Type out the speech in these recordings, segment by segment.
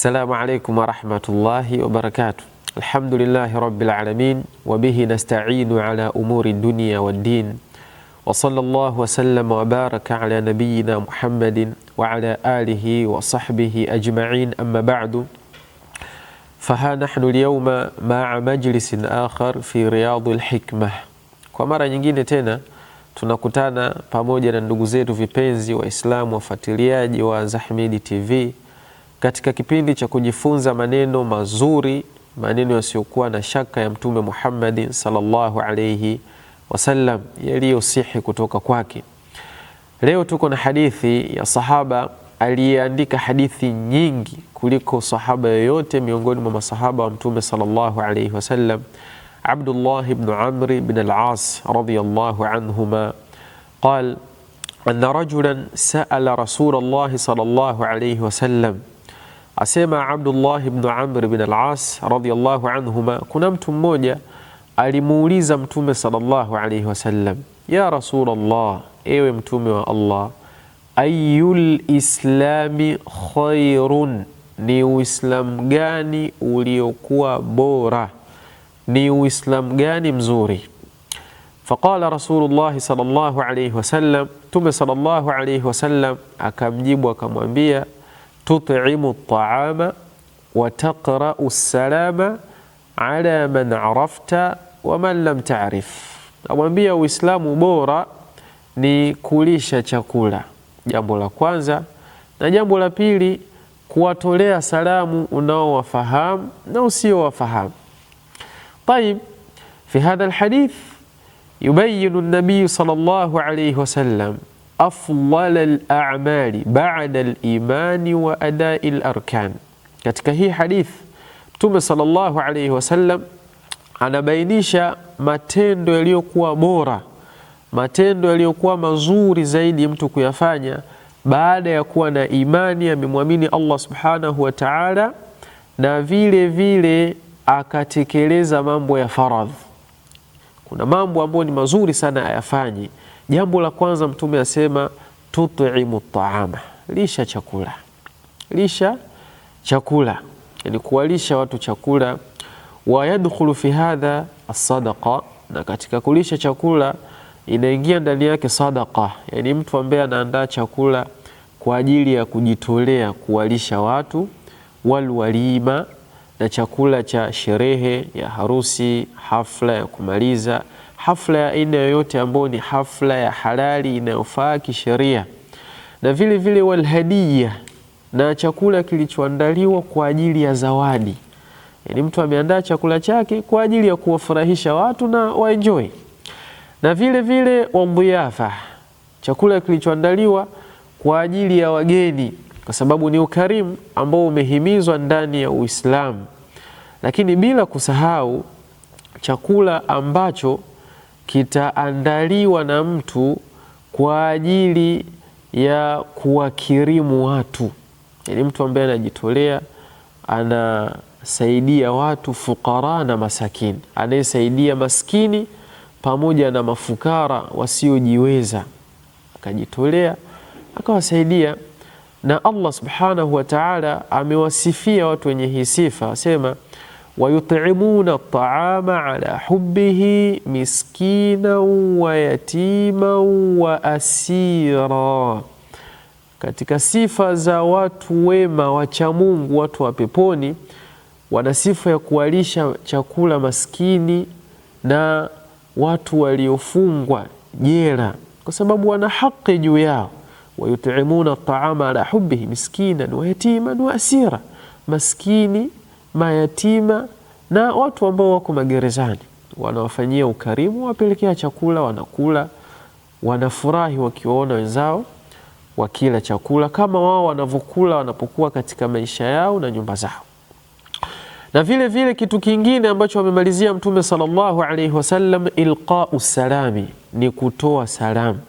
السلام عليكم ورحمة الله وبركاته الحمد لله رب العالمين وبه نستعين على أمور الدنيا والدين وصلى الله وسلم وبارك على نبينا محمد وعلى آله وصحبه أجمعين أما بعد فها نحن اليوم مع مجلس آخر في رياض الحكمة kwa mara nyingine tunakutana pamoja na ndugu zetu vipenzi waislamu wafuatiliaji wa TV katika kipindi cha kujifunza maneno mazuri, maneno yasiyokuwa na shaka ya Mtume Muhammad sallallahu alayhi wasallam yaliyo yaliyosihi kutoka kwake. Leo tuko na hadithi ya sahaba aliyeandika hadithi nyingi kuliko sahaba yoyote miongoni mwa masahaba wa Mtume sallallahu alayhi wasallam, Abdullah ibn Amr ibn al-As radiyallahu anhuma qala anna rajulan sa'ala rasul sallallahu alayhi wasallam Asema Abdullah ibn Amr ibn al-As radhiyallahu anhuma, kuna mtu mmoja alimuuliza Mtume sallallahu alayhi wasallam, ya Rasulullah, ewe Mtume wa Allah, ayul islami khairun, ni uislamu gani uliokuwa bora? Ni uislamu gani mzuri? Faqala Rasulullah sallallahu alayhi wasallam, Mtume sallallahu alayhi wasallam akamjibu akamwambia تطعم الطعام وتقرأ السلام على من عرفت waman lam taarif, namwambia Uislamu bora ni kulisha chakula, jambo la kwanza, na jambo la pili kuwatolea salamu unaowafahamu na usiowafahamu. Tayib, fi hadha alhadith yubayinu nabiyu sallallahu alayhi wasallam afdal lamali ba'da al wa adai larkan Katika hii hadith Mtume sallallahu alayhi wasallam anabainisha matendo yaliyokuwa bora, matendo yaliyokuwa mazuri zaidi mtu kuyafanya baada ya kuwa na imani, amemwamini Allah subhanahu wa ta'ala, na vile vile akatekeleza mambo ya faradhi. Kuna mambo ambayo ni mazuri sana ayafanye Jambo la kwanza Mtume asema tut'imu taama, lisha chakula, lisha chakula, yani kuwalisha watu chakula. Wa yadkhulu fi hadha asadaqa na katika kulisha chakula inaingia ndani yake sadaqa, yani mtu ambaye anaandaa chakula kwa ajili ya kujitolea kuwalisha watu, walwalima, na chakula cha sherehe ya harusi, hafla ya kumaliza hafla ya aina yoyote ambayo ni hafla ya halali inayofaa kisheria, na vile vile walhadiya, na chakula kilichoandaliwa kwa ajili ya zawadi. Yani mtu ameandaa chakula chake kwa ajili ya kuwafurahisha watu na waenjoy, na vile vile wambuyafa, chakula kilichoandaliwa kwa ajili ya wageni, kwa sababu ni ukarimu ambao umehimizwa ndani ya Uislamu, lakini bila kusahau chakula ambacho kitaandaliwa na mtu kwa ajili ya kuwakirimu watu, yaani mtu ambaye anajitolea, anasaidia watu, fukara na masakini, anayesaidia maskini pamoja na mafukara wasiojiweza, akajitolea akawasaidia. Na Allah subhanahu wa ta'ala amewasifia watu wenye hii sifa, asema wayutimuna taama ala hubihi miskina wa yatiman wa asira. Katika sifa za watu wema wacha Mungu, watu wa peponi, wana sifa ya kuwalisha chakula maskini na watu waliofungwa jela, kwa sababu wana haki juu yao. Wayutimuna taama ala hubihi miskinan wa yatiman wa asira, maskini mayatima na watu ambao wako magerezani, wanawafanyia ukarimu, wapelekea chakula, wanakula, wanafurahi wakiwaona wenzao wakila chakula kama wao wanavyokula wanapokuwa katika maisha yao na nyumba zao. Na vile vile kitu kingine ambacho wamemalizia Mtume sallallahu alaihi wasallam, ilqau salami, ni kutoa salamu.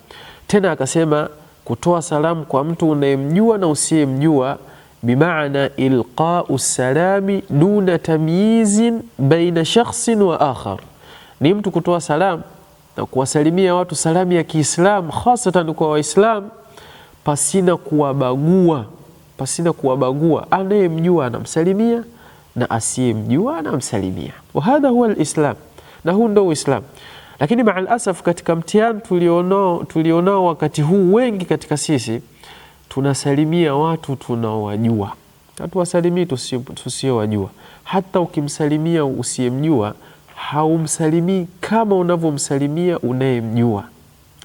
Tena akasema kutoa salamu kwa mtu unayemjua na usiyemjua bimaana ilqau salami duna tamyizin baina shakhsin wa akhar, ni mtu kutoa salamu na kuwasalimia watu salamu ya Kiislamu, hasatan kwa Waislamu, pasina kuwabagua, pasina kuwabagua. Anayemjua anamsalimia na asiyemjua anamsalimia. wa hadha huwa lislam, na huu ndo Uislamu. Lakini maalasaf, katika mtihani tulionao tulionao wakati huu wengi katika sisi tunasalimia watu tunawajua hatuwasalimii tusiowajua. Hata ukimsalimia usiyemjua haumsalimii kama unavyomsalimia unayemjua.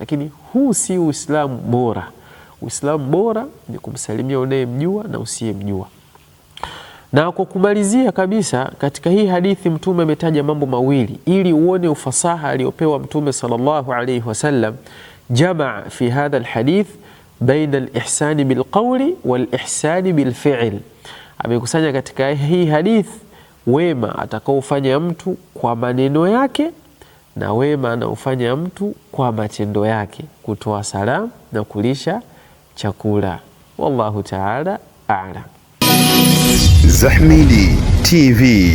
Lakini huu si Uislamu bora. Uislamu bora ni kumsalimia unayemjua na usiyemjua. Na kwa kumalizia kabisa, katika hii hadithi Mtume ametaja mambo mawili ili uone ufasaha aliyopewa Mtume sallallahu alaihi wasallam, jamaa fi hadha lhadith baina al-ihsani bilqauli wal bilfi'li, amekusanya katika hii hadithi wema atakaofanya mtu kwa maneno yake na wema anaofanya mtu kwa matendo yake, kutoa salamu na kulisha chakula. Wallahu taala a'lam. Zahmidi TV.